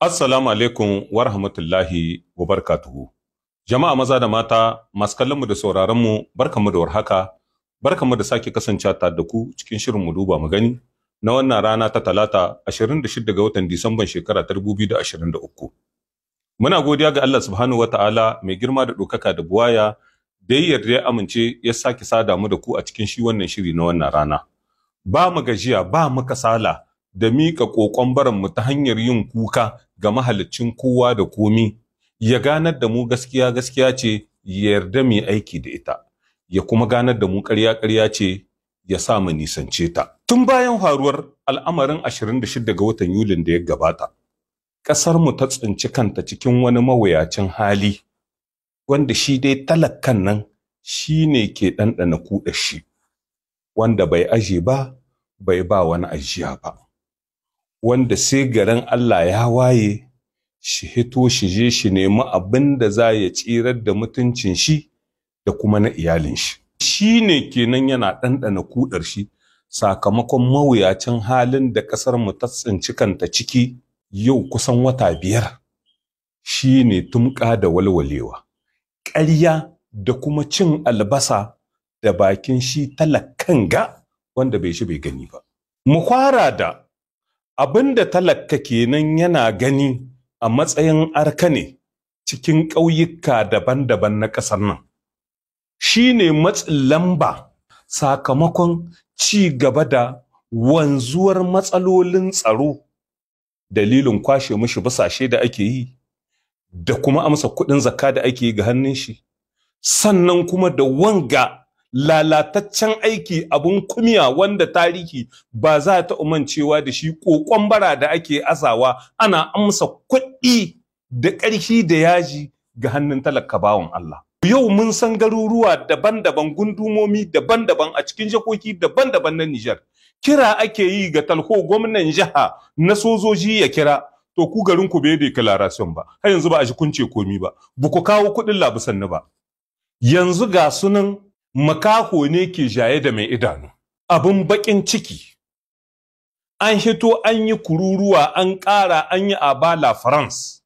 Assalamu alaikum wa rahmatullahi wa barakatuhu. Jama'a maza da mata, masu kallonmu da sauraronmu, barkanmu da warhaka, mu da sake kasance ta da ku cikin shirin mu duba mu gani na wannan rana ta Talata 26 ga watan Disamban shekara ta 2023. Muna godiya ga Allah subhanahu wata'ala mai girma da ɗaukaka da buwaya da ya yarda ya amince ya sake sada mu da ku a cikin shi wannan shiri na wannan rana. Ba mu gajiya, ba mu kasala, da miƙa ƙoƙon mu ta hanyar yin kuka ga mahaliccin kowa da komi, ya ganar da mu gaskiya gaskiya ce ya yarda mu aiki da ita, ya kuma ganar da mu ƙarya ƙarya ce ya sa mu nisance ta. Tun bayan faruwar al'amarin 26 ga watan Yulin da ya gabata, mu ta tsinci kanta cikin wani mawuyacin hali, wanda shi dai talakkan nan shi ne ke ɗanɗana kuɗa shi, wanda bai aje ba, bai ba wani ajiya ba. wanda sai garin Allah ya waye shi hito shi je shi nemi abin da za ya tsirar da mutuncin shi da kuma na iyalin shi shi ne kenan yana ɗanɗana kudar shi sakamakon mawuyacin halin da ƙasar mu ta tsinci kanta ciki yau kusan wata biyar shi ne tumƙa da walwalewa ƙarya da kuma cin albasa da bakin shi talakan ga wanda bai shi bai gani ba mu kwara da abin da talaka kenan yana gani a matsayin arka ne cikin ƙauyuka daban-daban na ƙasar nan shi ne matsin lamba sakamakon ci gaba da wanzuwar matsalolin tsaro dalilin kwashe mushi basashe da ake yi da kuma amsa kuɗin zakka da ake yi ga hannun shi sannan kuma da wanga lalataccen aiki abun kumiya wanda tarihi ba za ta umancewa da shi kokon bara da ake asawa ana amsa kuɗi da ƙarfi da yaji ga hannun talaka bawan Allah yau mun san garuruwa daban-daban gundumomi daban-daban a cikin jakoki daban-daban na Nijar kira ake yi ga talho gwamnan jiha na sojoji ya kira to ku garin ku bai declaration ba har yanzu ba a ji kunce komi ba Buku kawo kuɗin labusanni ba yanzu ga sunan makaho ne ke jaye da mai idanu abin baƙin ciki an hito an yi kururuwa an ƙara an yi abala france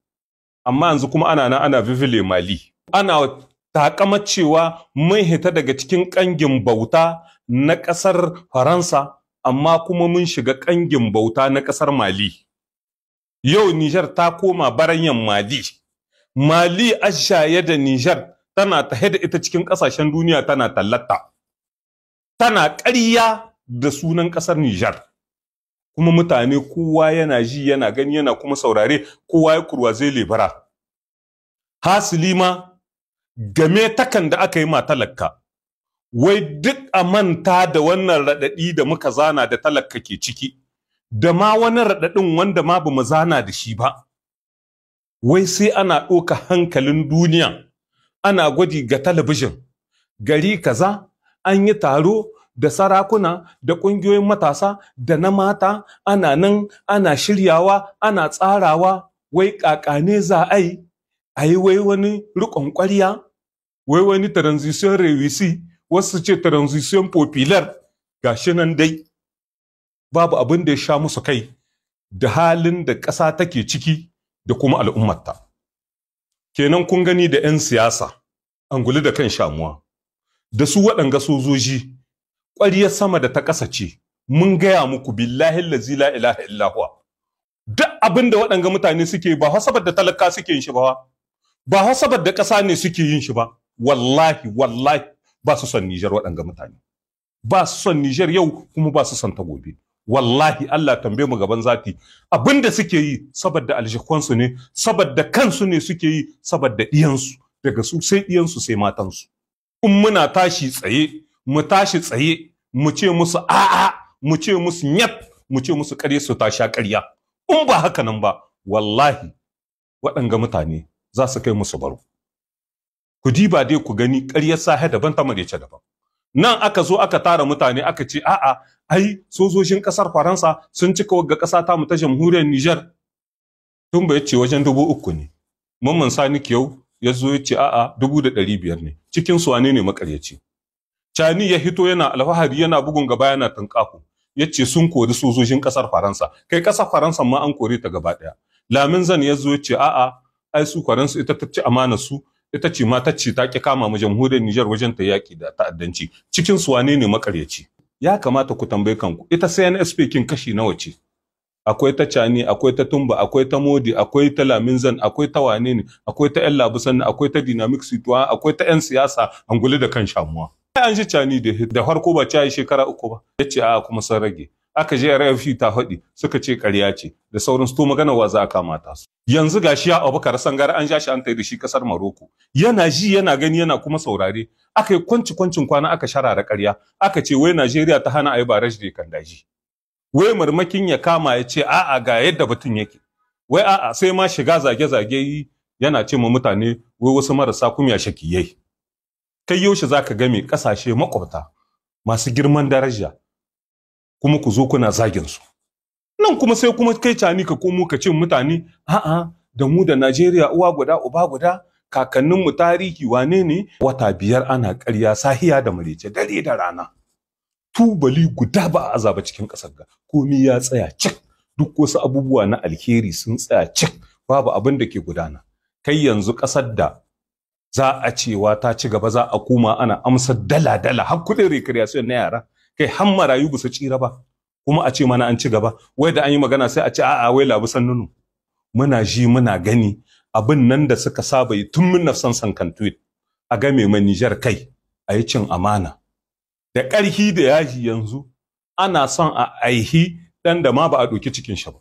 amma yanzu kuma ana nan ana vivile mali ana takamar cewa mun hita daga cikin ƙangin bauta na ƙasar faransa amma kuma mun shiga ƙangin bauta na ƙasar mali yau nijar ta koma baranyan mali mali ashaye da nijar tana tahe da ita cikin ƙasashen duniya tana tallata tana ƙarya da sunan ƙasar Nijar kuma mutane kowa yana ji yana gani yana kuma saurare kowa ya kurwa zai lebara hasili ma game takan da aka yi ma talakka wai duk a manta da wannan raɗaɗi da muka zana da talaka ke ciki da ma wani raɗaɗin wanda ma bamu zana da shi ba wai sai ana ɗoka hankalin duniya ana gwaji ga talabijin gari kaza an yi taro da sarakuna da ƙungiyoyin matasa da na mata ana nan ana shiryawa ana tsarawa wai kakane za a yi a yi wai wani riƙon ƙwarya wai wani transition revisi wasu ce transition popular shi nan dai babu abin da ya sha musu kai da halin da ƙasa take ciki da kuma al'ummata. kenan kun gani da 'yan siyasa anguli da kan shamuwa da su waɗanga sojoji Ƙwariya sama da ta ƙasa ce mun gaya muku billahi lazi la ilaha illahuwa duk abin da waɗanga mutane suke ba hasabar da talaka suke yin shi ba ba hasabar da ƙasa ne suke yin shi ba wallahi wallahi ba su son Nijar waɗanga mutane ba su son Nijar yau kuma ba su son ta gobe wallahi Allah tambaye mu gaban zati abinda suke yi saboda aljikwansu ne saboda kansu ne suke yi saboda iyansu. daga su sai iyansu, sai matansu in muna tashi tsaye mu tashi tsaye mu ce musu a'a mu ce musu nyat mu ce musu kare su ta ƙarya in ba haka nan ba wallahi waɗanga mutane za su kai musu baro ku diba dai ku gani ƙaryar sahe daban ta marece daban nan aka zo aka tara mutane aka ce a'a ai sojojin kasar faransa sun cika wagga kasa ta mu ta jamhuriyar niger tun bai ce wajen dubu uku ne mamman sani kiyau ya zo ya ce a'a dubu da ɗari biyar ne cikin su wane ne makaryaci cani ya hito yana alfahari yana bugun gaba yana tunƙafu. ya ce sun kori sojojin kasar faransa kai kasar faransa ma an kore ta gaba ɗaya lamin zan ya ya ce a'a ai su faransa ita ta ci amana su ita ce ma ta ce ta ki kama mu jamhuriyar Nijar wajen ta yaki da ta'addanci cikin su wane ne makaryaci ya kamata ku tambayi kanku ita CNSP kin kashi nawa ce akwai ta cani akwai ta tumba akwai ta modi akwai ta laminzan akwai ta wane ne akwai ta yan labusan akwai ta dynamic situa akwai ta yan siyasa anguli da kan shamuwa an shi cani da farko ba ta yi shekara uku ba yace a kuma sun rage aka je rafi ta faɗi suka ce ƙarya ce da sauran su to magana wa za a kama ta su yanzu gashi ya Abubakar Sangar an ja shi an tayi da shi kasar Maroko yana ji yana gani yana kuma saurare aka yi kwanci kwancin kwana aka sharara ƙarya aka ce wai Najeriya ta hana ayi baraj da kan daji wai marmakin ya kama ya ce a'a ga yadda batun yake wai a'a sai ma shiga zage zage yi yana ce ma mutane wai wasu marasa kumya shakiyai kai yaushe zaka ga me kasashe makwabta masu girman daraja kuma ku zo kuna zagin su nan kuma sai kuma kai cani ka komo ka ce mutane a'a da mu da Najeriya uwa guda uba guda kakanninmu tarihi wane ne wata biyar ana ƙarya sahiya da marece dare da rana tubali guda ba a azaba cikin ƙasar ga komi ya tsaya cik duk wasu abubuwa na alheri sun tsaya cik babu abin da ke gudana kai yanzu ƙasar da za a cewa ta ci gaba za a koma ana amsar dala dala har kuɗin recreation na yara kai har marayu ba su tsira ba kuma a ce mana an ci gaba wai da an yi magana sai a ce a'a wai labu sannunu muna ji muna gani abin nan da suka saba yi tun mun nafsan san tweet a game mai Niger kai a yi cin amana da ƙarfi da yaji yanzu ana son a aihi dan da ma ba a ɗauki cikin shi ba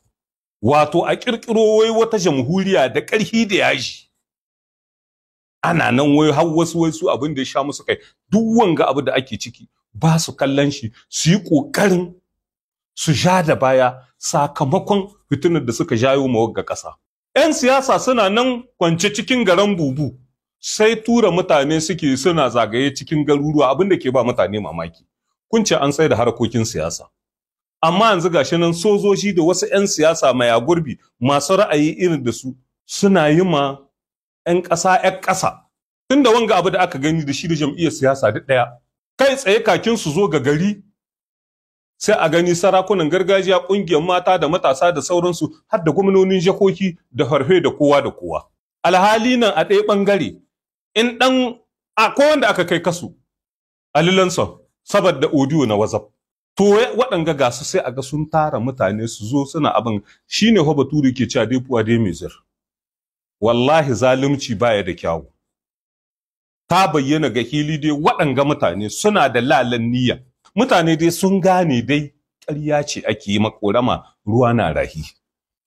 wato a ƙirƙiro wai wata jamhuriya da ƙarfi da yaji ana nan wai har wasu wasu abin da ya sha musu kai duk wanga abu da ake ciki ba su kallon shi su yi ƙoƙarin su ja da baya sakamakon fitinar da suka jayo wagga ƙasa. 'Yan siyasa suna nan kwance cikin garan bubu sai tura mutane suke suna zagaye cikin garuruwa abin da ke ba mutane mamaki. Kun ce an da harkokin siyasa. Amma yanzu gashi nan sojoji da wasu 'yan siyasa mai agurbi, masu ra'ayi irin da su suna yi ma 'yan ƙasa 'yan ƙasa. Tunda wanga abu da aka gani da shi da jam'iyyar siyasa duk ɗaya. kai tsaye kakin su zo ga gari sai a gani sarakunan gargajiya ƙungiyar mata da matasa da sauransu har da gwamnonin jakoki da harfe da kowa da kowa alhali nan a ɗaya ɓangare in ɗan a wanda aka kai kasu alilansa saboda odiyo na wazaf to waɗanga ga su sai a ga sun tara mutane su zo suna abin shine hobaturi ke cewa dai puwa dai mezir wallahi zalunci baya da kyawu ta bayyana ga hili dai waɗanga mutane suna da lalan niyya mutane dai sun gane dai ƙarya ce ake yi makorama ruwa na rahi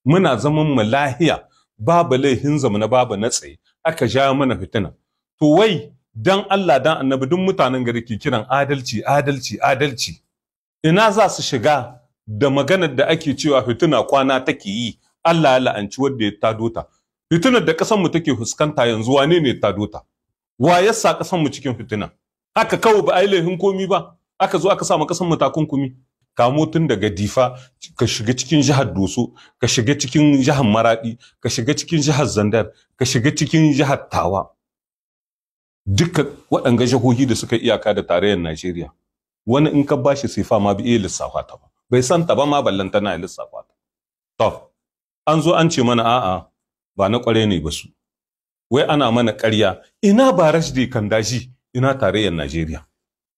muna zaman mu lahiya babu laihin zamu na babu na tsaye aka ja mana fitina to wai dan Allah dan annabi duk mutanen gari ke kiran adalci adalci adalci ina za su shiga da maganar da ake cewa fitina kwana take yi Allah ya la'anci wanda ya tadota fitinar da ƙasar mu take fuskanta yanzu wane ne tadota wa ya sa ƙasar mu cikin fitina haka kawai ba a yi laifin komi ba aka zo aka sa ma ƙasar mu takunkumi Ka tun daga difa ka shiga cikin jihar doso ka shiga cikin jihar maradi ka shiga cikin jihar zandar ka shiga cikin jihar tawa duka waɗanga jihohi da suka iyaka da tarayyar najeriya wani in ka bashi sifa ma bi iya lissafa ta ba bai san ta ba ma ballan tana lissafa ta to an zo an ce mana a'a ba na kware ne ba su wai ana mana ƙarya ina ba kan kandaji ina tarayyar Najeriya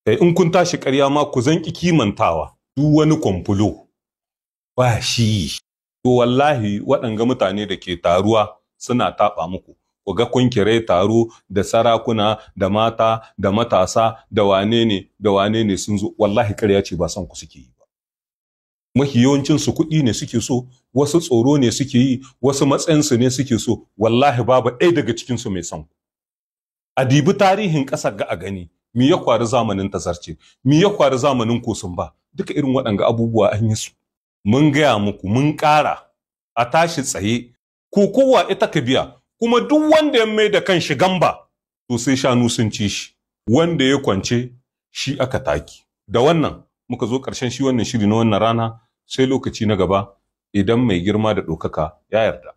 eh, in kun tashi karya ma ku zan zanki kimantawa duk wani kwamfulo ba shi to wallahi waɗanga mutane da ke taruwa suna taɓa muku ku ga kun kire taro da sarakuna da mata da matasa da wane ne da wane ne sun zo wallahi ƙarya ce ba son ku suke yi mafi yawancinsu kuɗi ne suke so wasu tsoro ne suke yi wasu matsayinsu ne suke so wallahi babu ɗaya daga cikinsu mai son a dibi tarihin ƙasar ga a gani me ya kwari zamanin tazarce me ya kwari zamanin kosun ba duka irin waɗanga abubuwa an yi su mun gaya muku mun ƙara a tashi tsaye ko ita ka biya kuma duk wanda ya mai da kan shi gamba to sai shanu sun ci shi wanda ya kwance shi aka taki da wannan muka zo ƙarshen shi wannan shiri na wannan rana sai lokaci na gaba idan mai girma da ɗaukaka ya yarda.